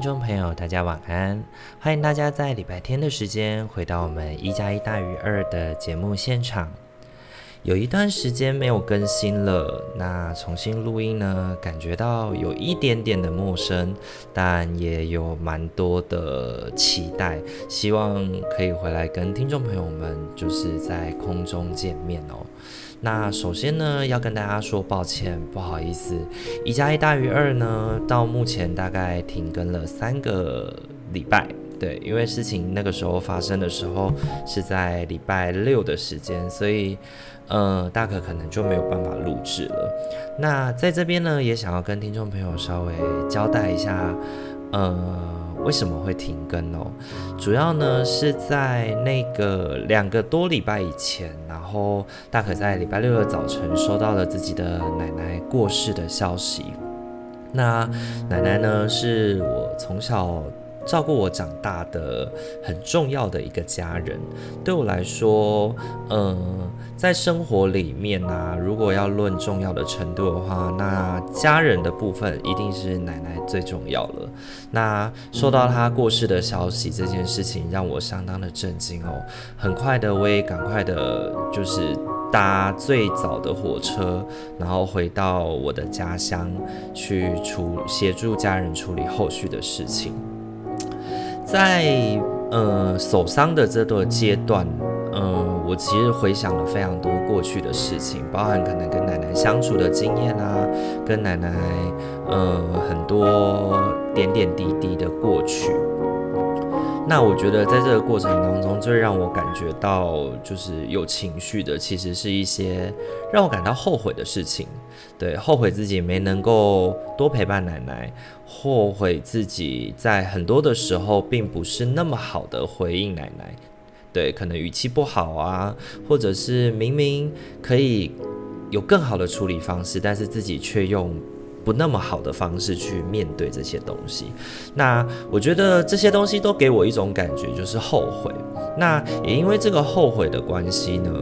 聽眾朋友，大家晚安！歡迎大家在禮拜天的時間回到我們一加一大於二的節目現場。有一段時間沒有更新了，那重新錄音呢，感覺到有一點點的陌生，但也有蠻多的期待，希望可以回來跟聽眾朋友們就是在空中見面哦。那首先呢，要跟大家說抱歉，不好意思，一加一大於二呢，到目前大概停更了三個禮拜，對，因為事情那個時候發生的時候是在禮拜六的時間，所以，呃，大可可能就沒有辦法錄製了。那在這邊呢，也想要跟聽眾朋友稍微交代一下，呃。為什麼會停更呢、哦？主要呢是在那個兩個多禮拜以前，然後大可在禮拜六的早晨收到了自己的奶奶過世的消息。那奶奶呢，是我從小。照顧我長大的很重要的一個家人，對我來說，嗯，在生活裡面呢、啊，如果要論重要的程度的話，那家人的部分一定是奶奶最重要了。那收到她過世的消息這件事情，讓我相當的震驚哦、喔。很快的，我也趕快的，就是搭最早的火車，然後回到我的家鄉去處協助家人處理後續的事情。在呃守喪的這個階段，呃，我其實回想了非常多過去的事情，包含可能跟奶奶相處的經驗啊，跟奶奶呃很多點點滴滴的過去。那我覺得，在這個過程當中，最讓我感覺到就是有情緒的，其實是一些讓我感到後悔的事情。對，後悔自己沒能夠多陪伴奶奶，後悔自己在很多的時候並不是那麼好的回應奶奶。對，可能語氣不好啊，或者是明明可以有更好的處理方式，但是自己卻用。不那麼好的方式去面對這些東西。那我覺得這些東西都給我一種感覺，就是後悔。那也因為這個後悔的關係呢，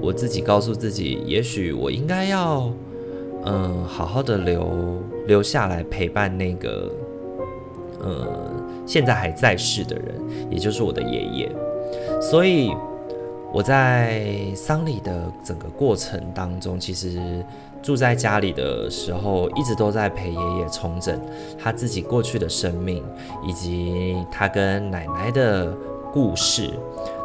我自己告訴自己，也許我應該要，嗯、呃，好好的留留下來陪伴那個，嗯、呃，現在還在世的人，也就是我的爺爺。所以我在喪禮的整個過程當中，其實。住在家裡的時候，一直都在陪爺爺重整他自己過去的生命，以及他跟奶奶的故事，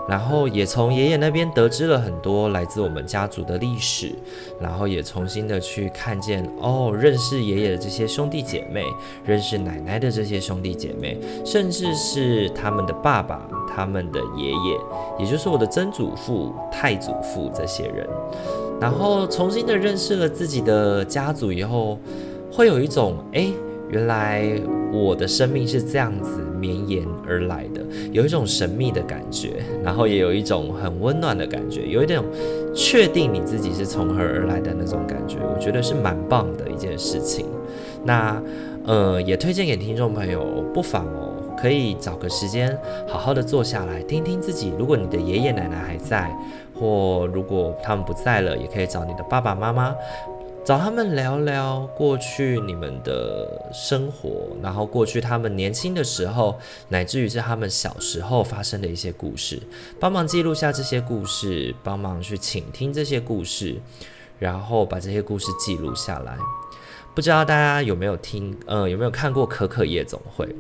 然後也從爺爺那邊得知了很多來自我們家族的歷史，然後也重新的去看見哦，認識爺爺的這些兄弟姐妹，認識奶奶的這些兄弟姐妹，甚至是他們的爸爸、他們的爺爺，也就是我的曾祖父、太祖父這些人。然後重新的認識了自己的家族以後，會有一種哎，原來我的生命是這樣子綿延而來的，有一種神秘的感覺，然後也有一種很溫暖的感覺，有一種確定你自己是從何而來的那種感覺，我覺得是蠻棒的一件事情。那呃，也推薦給聽眾朋友，不妨哦，可以找個時間好好的坐下來聽聽自己。如果你的爺爺奶奶還在。或如果他們不在了，也可以找你的爸爸媽媽，找他們聊聊過去你們的生活，然後過去他們年輕的時候，乃至於是他們小時候發生的一些故事，幫忙記錄下這些故事，幫忙去傾聽這些故事，然後把這些故事記錄下來。不知道大家有沒有聽，呃，有沒有看過《可可夜總會》？《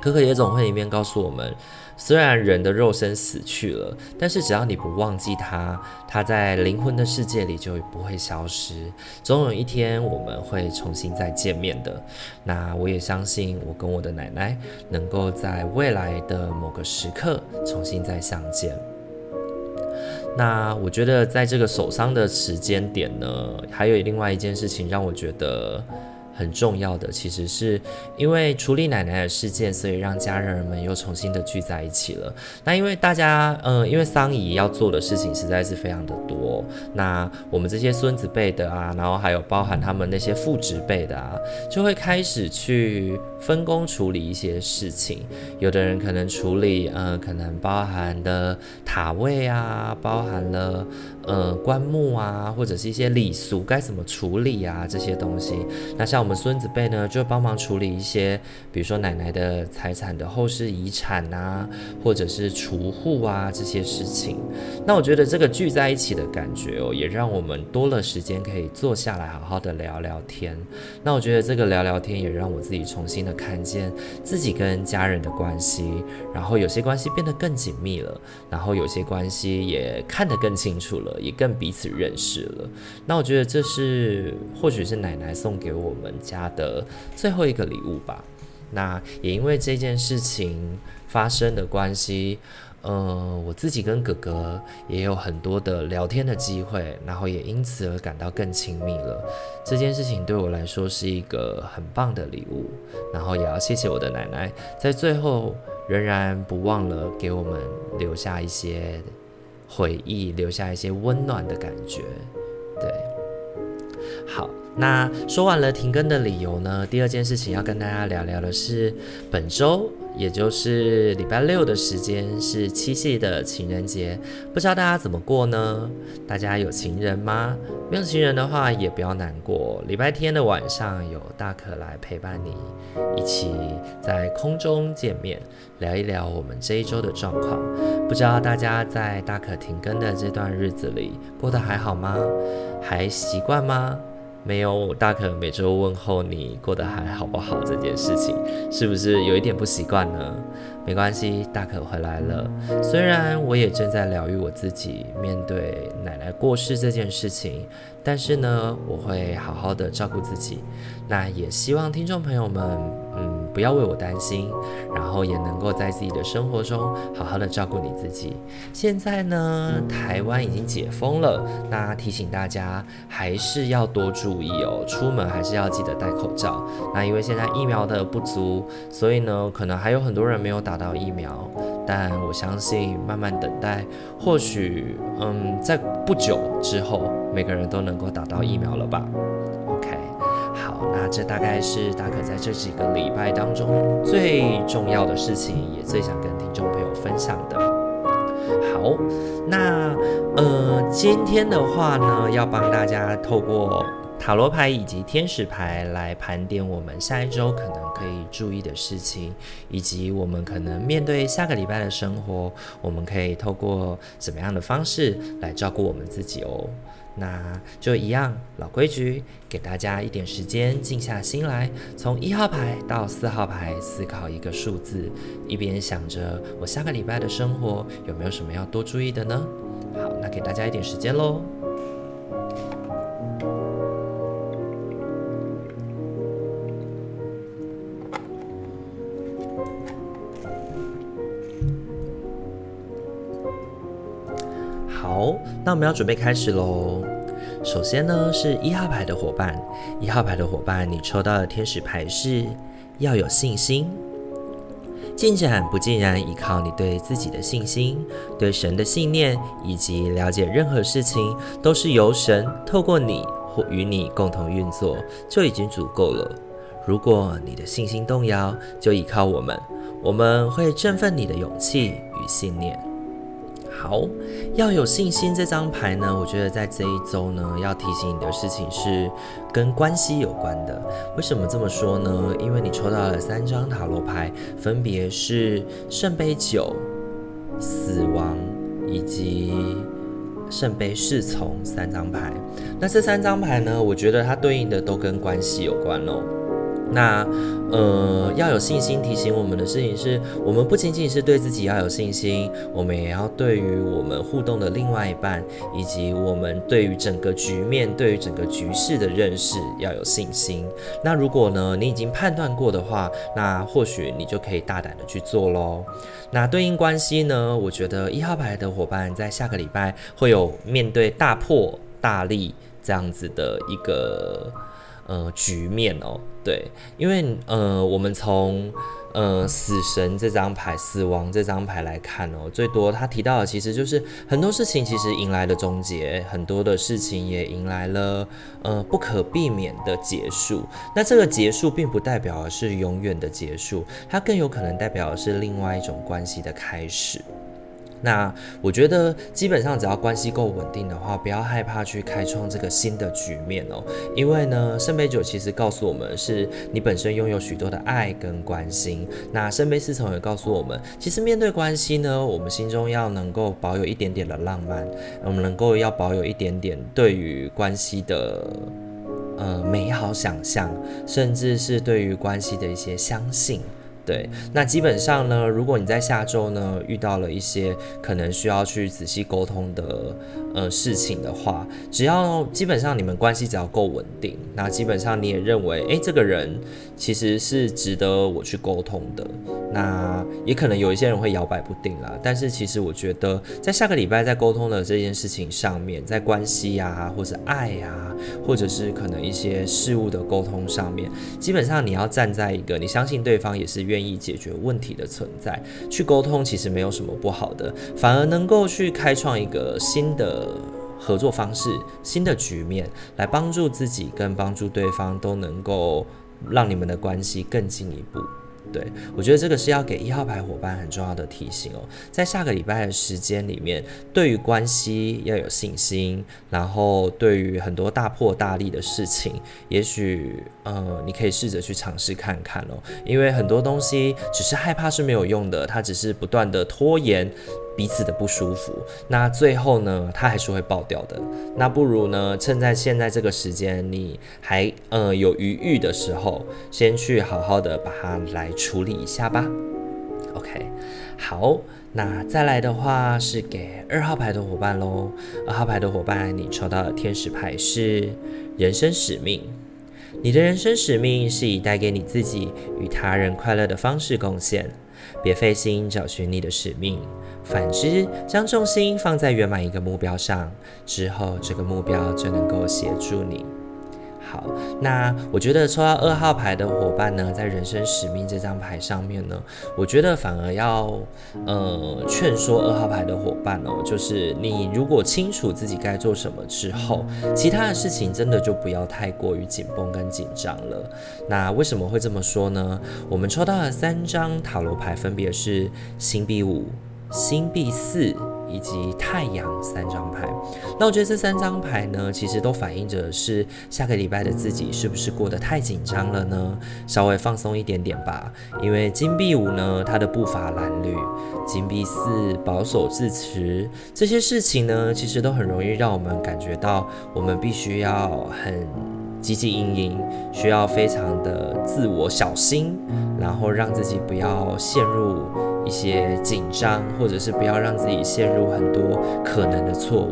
可可夜總會》裡面告訴我們。雖然人的肉身死去了，但是只要你不忘記他，他在靈魂的世界裡就不會消失。總有一天我們會重新再見面的。那我也相信，我跟我的奶奶能夠在未來的某個時刻重新再相見。那我覺得，在這個守喪的時間點呢，還有另外一件事情讓我覺得。很重要的其實是因為處理奶奶的事件，所以讓家人們又重新的聚在一起了。那因為大家，嗯、呃，因為喪儀要做的事情實在是非常的多，那我們這些孫子輩的啊，然後還有包含他們那些父執輩的啊，就會開始去分工處理一些事情。有的人可能處理，嗯、呃，可能包含了塔位啊，包含了呃棺木啊，或者是一些禮俗該怎麼處理啊這些東西。那像我們。我們孫子輩呢，就幫忙處理一些，比如說奶奶的財產的後世遺產啊，或者是除戶啊這些事情。那我覺得這個聚在一起的感覺哦，也讓我們多了時間可以坐下來好好的聊聊天。那我覺得這個聊聊天也讓我自己重新的看見自己跟家人的關係，然後有些關係變得更緊密了，然後有些關係也看得更清楚了，也更彼此認識了。那我覺得這是或許是奶奶送給我們。家的最後一個禮物吧。那也因為這件事情發生的關係，嗯、呃，我自己跟哥哥也有很多的聊天的機會，然後也因此而感到更親密了。這件事情對我來說是一個很棒的禮物，然後也要謝謝我的奶奶，在最後仍然不忘了給我們留下一些回憶，留下一些溫暖的感覺。好，那說完了停更的理由呢，第二件事情要跟大家聊聊的是，本週也就是禮拜六的時間是七夕的情人節，不知道大家怎麼過呢？大家有情人嗎？沒有情人的話也不要難過，禮拜天的晚上有大可來陪伴你，一起在空中見面，聊一聊我們這一週的狀況。不知道大家在大可停更的這段日子裡過得還好嗎？還習慣嗎？沒有，大可每周問候你過得還好不好這件事情，是不是有一點不習慣呢？沒關係，大可回來了。雖然我也正在療癒我自己，面對奶奶過世這件事情，但是呢，我會好好的照顧自己。那也希望聽眾朋友們，嗯。不要為我擔心，然後也能夠在自己的生活中好好的照顧你自己。現在呢，台灣已經解封了，那提醒大家還是要多注意哦，出門還是要記得戴口罩。那因為現在疫苗的不足，所以呢，可能還有很多人沒有打到疫苗，但我相信慢慢等待，或許，嗯，在不久之後，每個人都能夠打到疫苗了吧。那這大概是大可在這幾個禮拜當中最重要的事情，也最想跟聽眾朋友分享的。好，那呃，今天的話呢，要幫大家透過塔羅牌以及天使牌來盤點我們下一周可能可以注意的事情，以及我們可能面對下個禮拜的生活，我們可以透過怎麼樣的方式來照顧我們自己哦。那就一樣，老規矩，給大家一點時間，靜下心來，從一號牌到四號牌思考一個數字，一邊想着我下個禮拜的生活有沒有什麼要多注意的呢？好，那給大家一點時間嘍。哦，那我們要準備開始嘍。首先呢，是一號牌的夥伴，一號牌的夥伴，你抽到的天使牌是要有信心。進展不盡然依靠你對自己的信心、對神的信念，以及了解任何事情都是由神透過你或與你共同運作就已經足夠了。如果你的信心動搖，就依靠我們，我們會振奮你的勇氣與信念。好，要有信心這張牌呢，我覺得在這一周呢，要提醒你的事情是跟關係有關的。為什麼這麼說呢？因為你抽到了三張塔羅牌，分別是聖杯九、死亡以及聖杯侍從三張牌。那這三張牌呢，我覺得它對應的都跟關係有關哦。那，呃，要有信心提醒我們的事情是，我們不僅僅是對自己要有信心，我們也要對於我們互動的另外一半，以及我們對於整個局面、對於整個局勢的認識要有信心。那如果呢，你已經判斷過的話，那或許你就可以大膽的去做嘍。那對應關係呢，我覺得一號牌的夥伴在下個禮拜會有面對大破大立這樣子的一個。呃，局面哦，對，因為呃，我們從呃“死神”這張牌、死亡這張牌來看哦，最多他提到的其實就是很多事情其實迎來了終結，很多的事情也迎來了呃不可避免的結束。那這個結束並不代表是永遠的結束，它更有可能代表的是另外一種關係的開始。那我覺得，基本上只要關係夠穩定的話，不要害怕去開創這個新的局面哦。因為呢，聖杯九其實告訴我們，是你本身擁有許多的愛跟關心。那聖杯侍從也告訴我們，其實面對關係呢，我們心中要能夠保有一點點的浪漫，我們能夠要保有一點點對於關係的呃美好想象，甚至是對於關係的一些相信。對，那基本上呢，如果你在下週呢，遇到了一些可能需要去仔細溝通的，呃，事情的話，只要基本上你們關係只要夠穩定，那基本上你也認為，誒，這個人其實是值得我去溝通的。那也可能有一些人會搖擺不定啦，但是其實我覺得，在下個禮拜在溝通的這件事情上面，在關係啊，或者是愛啊，或者是可能一些事物的溝通上面，基本上你要站在一個你相信對方也是願意解決問題的存在去溝通，其實沒有什麼不好的，反而能夠去開創一個新的。呃，合作方式、新的局面，來幫助自己跟幫助對方，都能夠讓你們的關係更進一步。對，我覺得這個是要給一號牌夥伴很重要的提醒哦，在下個禮拜的時間裡面，對於關係要有信心，然後對於很多大破大立的事情，也許呃，你可以試着去嘗試看看哦。因為很多東西只是害怕是沒有用的，它只是不斷的拖延。彼此的不舒服，那最後呢，它還是會爆掉的。那不如呢，趁在現在這個時間，你還呃有餘裕的時候，先去好好的把它來處理一下吧。OK，好，那再來的話是給二號牌的伙伴嘍。二號牌的伙伴，你抽到的天使牌是人生使命。你的人生使命是以帶給你自己與他人快樂的方式貢獻。別費心找尋你的使命，反之，將重心放在圓滿一個目標上，之後這個目標就能夠協助你。好，那我覺得抽到二號牌的夥伴呢，在人生使命這張牌上面呢，我覺得反而要，呃，勸說二號牌的夥伴哦，就是你如果清楚自己該做什麼之後，其他的事情真的就不要太過於緊繃跟緊張了。那為什麼會這麼說呢？我們抽到了三張塔羅牌，分別是星幣五。星幣四以及太陽三張牌，那我覺得這三張牌呢，其實都反映着是下個禮拜的自己是不是過得太緊張了呢？稍微放鬆一點點吧。因為金幣五呢，它的步伐襤褸；金幣四保守自持，這些事情呢，其實都很容易讓我們感覺到，我們必須要很汲汲營營，需要非常的自我小心，然後讓自己不要陷入。一些緊張，或者是不要讓自己陷入很多可能的錯誤。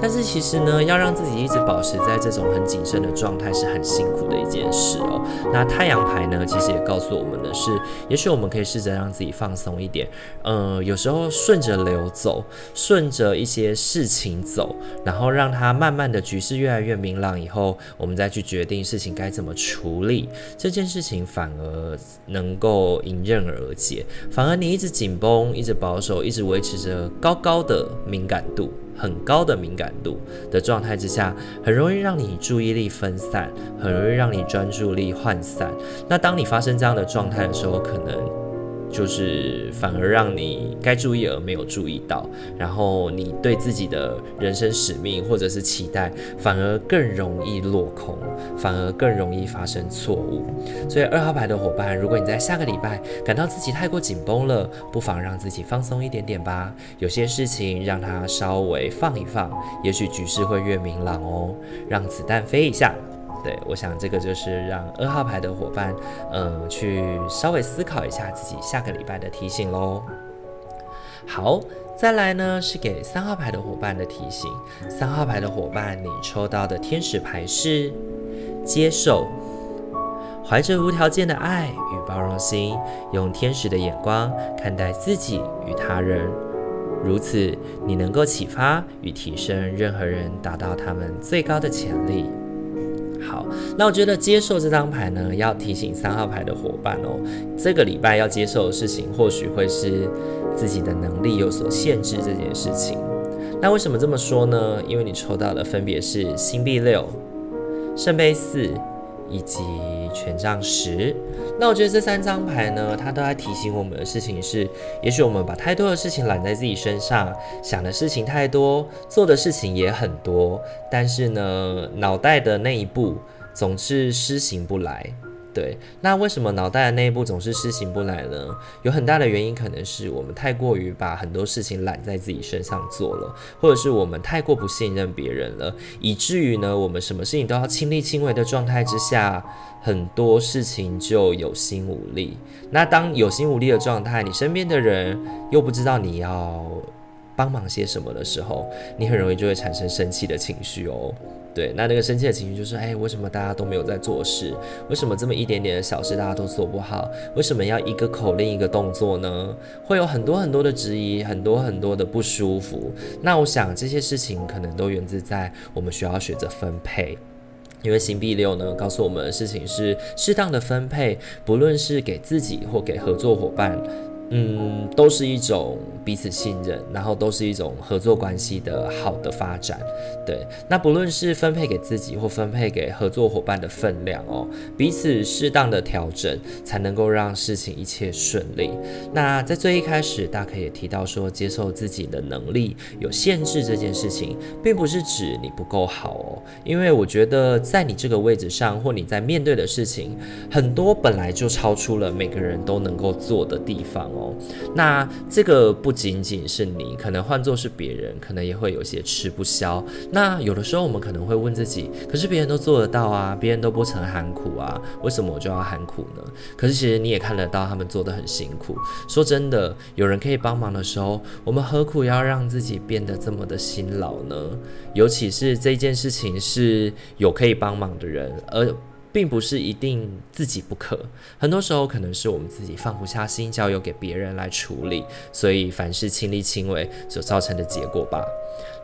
但是其實呢，要讓自己一直保持在這種很謹慎的狀態是很辛苦的一件事哦、喔。那太陽牌呢，其實也告訴我們的是，也許我們可以試着讓自己放鬆一點，嗯、呃，有時候順着流走，順着一些事情走，然後讓它慢慢的局勢越來越明朗以後，我們再去決定事情該怎麼處理，這件事情反而能夠迎刃而解，反而你一直。緊繃，一直保守，一直維持着高高的敏感度，很高的敏感度的狀態之下，很容易讓你注意力分散，很容易讓你專注力渙散。那當你發生這樣的狀態的時候，可能。就是反而讓你該注意而沒有注意到，然後你對自己的人生使命或者是期待，反而更容易落空，反而更容易發生錯誤。所以二號牌的夥伴，如果你在下個禮拜感到自己太過緊繃了，不妨讓自己放鬆一點點吧。有些事情讓它稍微放一放，也許局勢會越明朗哦。讓子彈飛一下。對，我想這個就是讓二號牌的夥伴，嗯、呃，去稍微思考一下自己下個禮拜的提醒嘍。好，再來呢是給三號牌的夥伴的提醒。三號牌的夥伴，你抽到的天使牌是接受。懷着無條件的愛與包容心，用天使的眼光看待自己與他人，如此你能夠啟發與提升任何人，達到他們最高的潛力。好，那我覺得接受這張牌呢，要提醒三號牌的夥伴哦，這個禮拜要接受的事情，或許會是自己的能力有所限制這件事情。那為什麼這麼說呢？因為你抽到的分別是星幣六、聖杯四以及權杖十。那我覺得這三張牌呢，它都在提醒我們的事情是：也許我們把太多的事情攬在自己身上，想的事情太多，做的事情也很多，但是呢，腦袋的那一步總是施行不來。對，那為什麼腦袋的內部總是施行不來呢？有很大的原因，可能是我們太過於把很多事情攬在自己身上做了，或者是我們太過不信任別人了，以至於呢，我們什麼事情都要親力親為的狀態之下，很多事情就有心無力。那當有心無力的狀態，你身邊的人又不知道你要幫忙些什麼的時候，你很容易就會產生生氣的情緒哦。對，那那個生氣的情緒就是，哎，為什麼大家都沒有在做事？為什麼這麼一點點的小事大家都做不好？為什麼要一個口令一個動作呢？會有很多很多的質疑，很多很多的不舒服。那我想這些事情可能都源自在我們需要選擇分配，因為星幣六呢告訴我們的事情是適當的分配，不論是給自己或給合作夥伴。嗯，都是一種彼此信任，然後都是一種合作關係的好的發展。對，那不論是分配給自己或分配給合作夥伴的分量哦，彼此適當的調整，才能夠讓事情一切順利。那在最一開始，大可也提到說，接受自己的能力有限制這件事情，並不是指你不夠好哦，因為我覺得在你這個位置上，或你在面對的事情，很多本來就超出了每個人都能夠做的地方喔。那這個不僅僅是你，可能換做是別人，可能也會有些吃不消。那有的時候我們可能會問自己，可是別人都做得到啊，別人都不曾喊苦啊，為什麼我就要喊苦呢？可是其實你也看得到他們做得很辛苦。說真的，有人可以幫忙的時候，我們何苦要讓自己變得這麼的辛勞呢？尤其是這件事情是有可以幫忙的人，而。並不是一定自己不可，很多時候可能是我們自己放不下心，交由給別人來處理，所以凡事親力親為所造成的結果吧。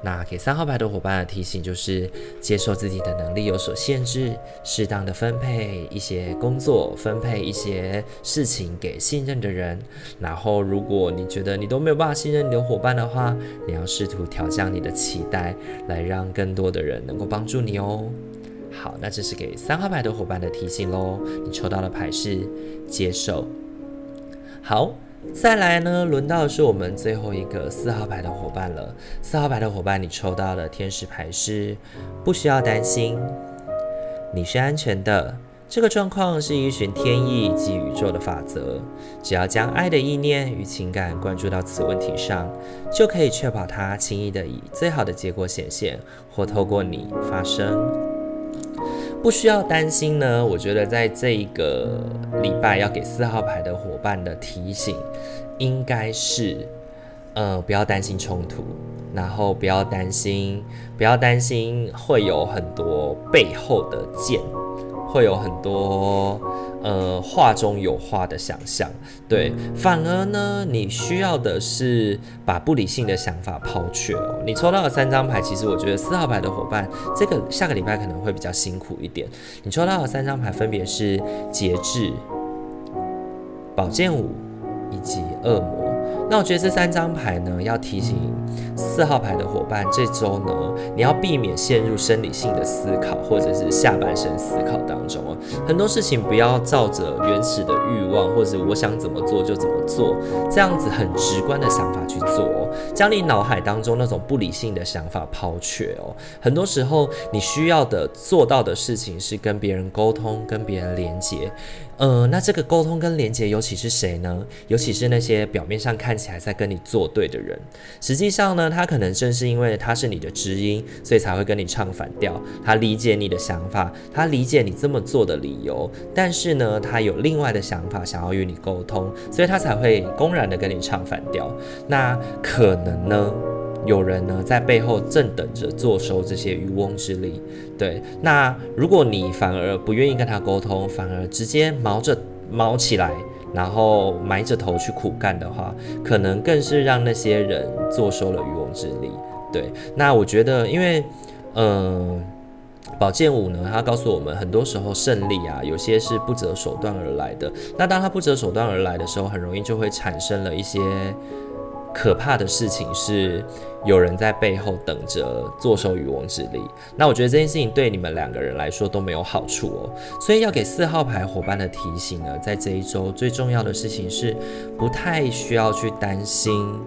那給三號牌的夥伴的提醒就是，接受自己的能力有所限制，適當的分配一些工作，分配一些事情給信任的人。然後如果你覺得你都沒有辦法信任你的夥伴的話，你要試圖調降你的期待，來讓更多的人能夠幫助你哦。好，那這是給三號牌的夥伴的提醒嘍。你抽到的牌是接受。好，再來呢，輪到是我們最後一個四號牌的夥伴了。四號牌的夥伴，你抽到的天使牌是不需要擔心，你是安全的。這個狀況是依循天意及宇宙的法則，只要將愛的意念與情感關注到此問題上，就可以確保它輕易地以最好的結果顯現，或透過你發生。不需要擔心呢。我覺得在這一個禮拜要給四號牌的夥伴的提醒，應該是，呃，不要擔心衝突，然後不要擔心，不要擔心會有很多背後的箭。會有很多呃話中有話的想象，對，反而呢，你需要的是把不理性的想法拋卻哦。你抽到的三張牌，其實我覺得四號牌的伙伴，這個下個禮拜可能會比較辛苦一點。你抽到的三張牌分別是節制、寶劍五以及惡魔。那我覺得這三張牌呢，要提醒。四號牌的夥伴，這週呢，你要避免陷入生理性的思考或者是下半身思考當中哦。很多事情不要照着原始的慾望，或者我想怎麼做就怎麼做，這樣子很直觀的想法去做哦，將你腦海當中那種不理性的想法拋卻哦。很多時候你需要的做到的事情是跟別人溝通，跟別人連接。呃，那這個溝通跟連接，尤其是誰呢？尤其是那些表面上看起來在跟你作對的人，實際上。呢，他可能正是因為他是你的知音，所以才會跟你唱反調。他理解你的想法，他理解你這麼做的理由，但是呢，他有另外的想法，想要與你溝通，所以他才會公然的跟你唱反調。那可能呢，有人呢在背後正等着坐收這些漁翁之利。對，那如果你反而不願意跟他溝通，反而直接毛着毛起來。然後埋着頭去苦幹的話，可能更是讓那些人坐收了漁翁之利。對，那我覺得，因為，嗯、呃，寶劍五呢，他告訴我們，很多時候勝利啊，有些是不擇手段而來的。那當他不擇手段而來的時候，很容易就會產生了一些。可怕的事情是，有人在背後等着坐收漁翁之利。那我覺得這件事情對你們兩個人來說都沒有好處哦、喔。所以要給四號牌伙伴的提醒呢，在這一周最重要的事情是不太需要去擔心。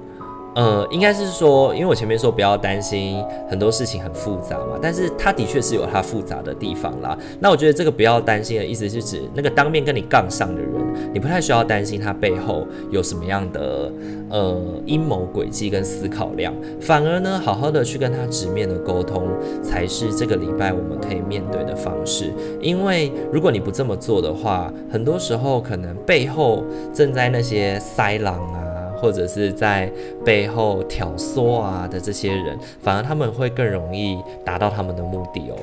呃，應該是說，因為我前面說不要擔心，很多事情很複雜嘛，但是它的確是有它複雜的地方啦。那我覺得這個不要擔心的意思，是指那個當面跟你槓上的人，你不太需要擔心他背後有什麼樣的呃陰謀詭計跟思考量，反而呢，好好的去跟他直面的溝通，才是這個禮拜我們可以面對的方式。因為如果你不這麼做的話，很多時候可能背後正在那些塞狼啊。或者是在背後挑唆啊的這些人，反而他們會更容易達到他們的目的哦。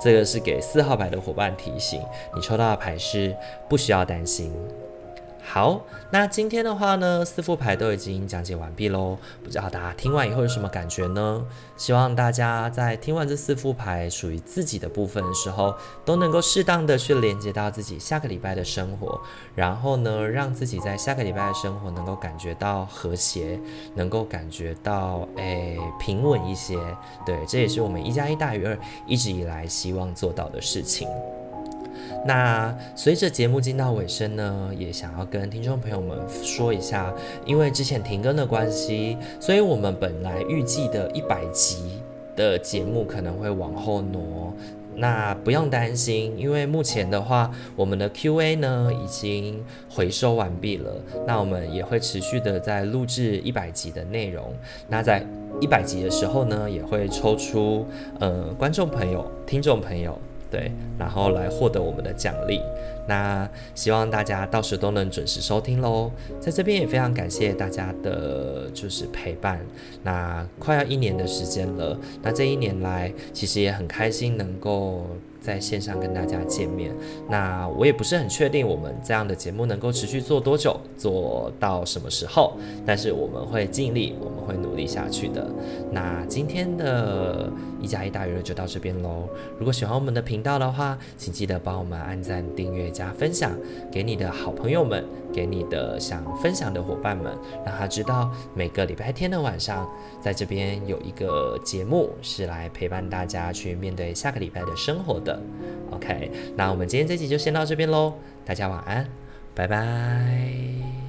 這個是給四號牌的夥伴提醒，你抽到的牌是不需要擔心。好，那今天的話呢，四副牌都已經講解完畢嘍。不知道大家聽完以後有什麼感覺呢？希望大家在聽完這四副牌屬於自己的部分的時候，都能夠適當的去連接到自己下個禮拜的生活，然後呢，讓自己在下個禮拜的生活能夠感覺到和諧，能夠感覺到誒平穩一些。對，這也是我們一加一大於二一直以來希望做到的事情。那隨着節目進到尾聲呢，也想要跟聽眾朋友們說一下，因為之前停更的關係，所以我們本來預計的一百集的節目可能會往後挪。那不用擔心，因為目前的話，我們的 Q&A 呢已經回收完畢了。那我們也會持續的在錄制一百集的內容。那在一百集的時候呢，也會抽出呃觀眾朋友、聽眾朋友。對，然後來獲得我們的獎勵。那希望大家到時都能準時收聽嘍。在這邊也非常感謝大家的，就是陪伴。那快要一年的時間了，那這一年來其實也很開心，能夠。在線上跟大家見面，那我也不是很確定我們這樣的節目能夠持續做多久，做到什麼時候？但是我們會盡力，我們會努力下去的。那今天的一加一大於二就到這邊嘍。如果喜歡我們的頻道的話，請記得幫我們按讚、訂閱、加分享，給你的好朋友們，給你的想分享的夥伴們，讓他知道每個禮拜天的晚上在這邊有一個節目，是來陪伴大家去面對下個禮拜的生活的。OK，那我們今天這集就先到這邊嘍，大家晚安，拜拜。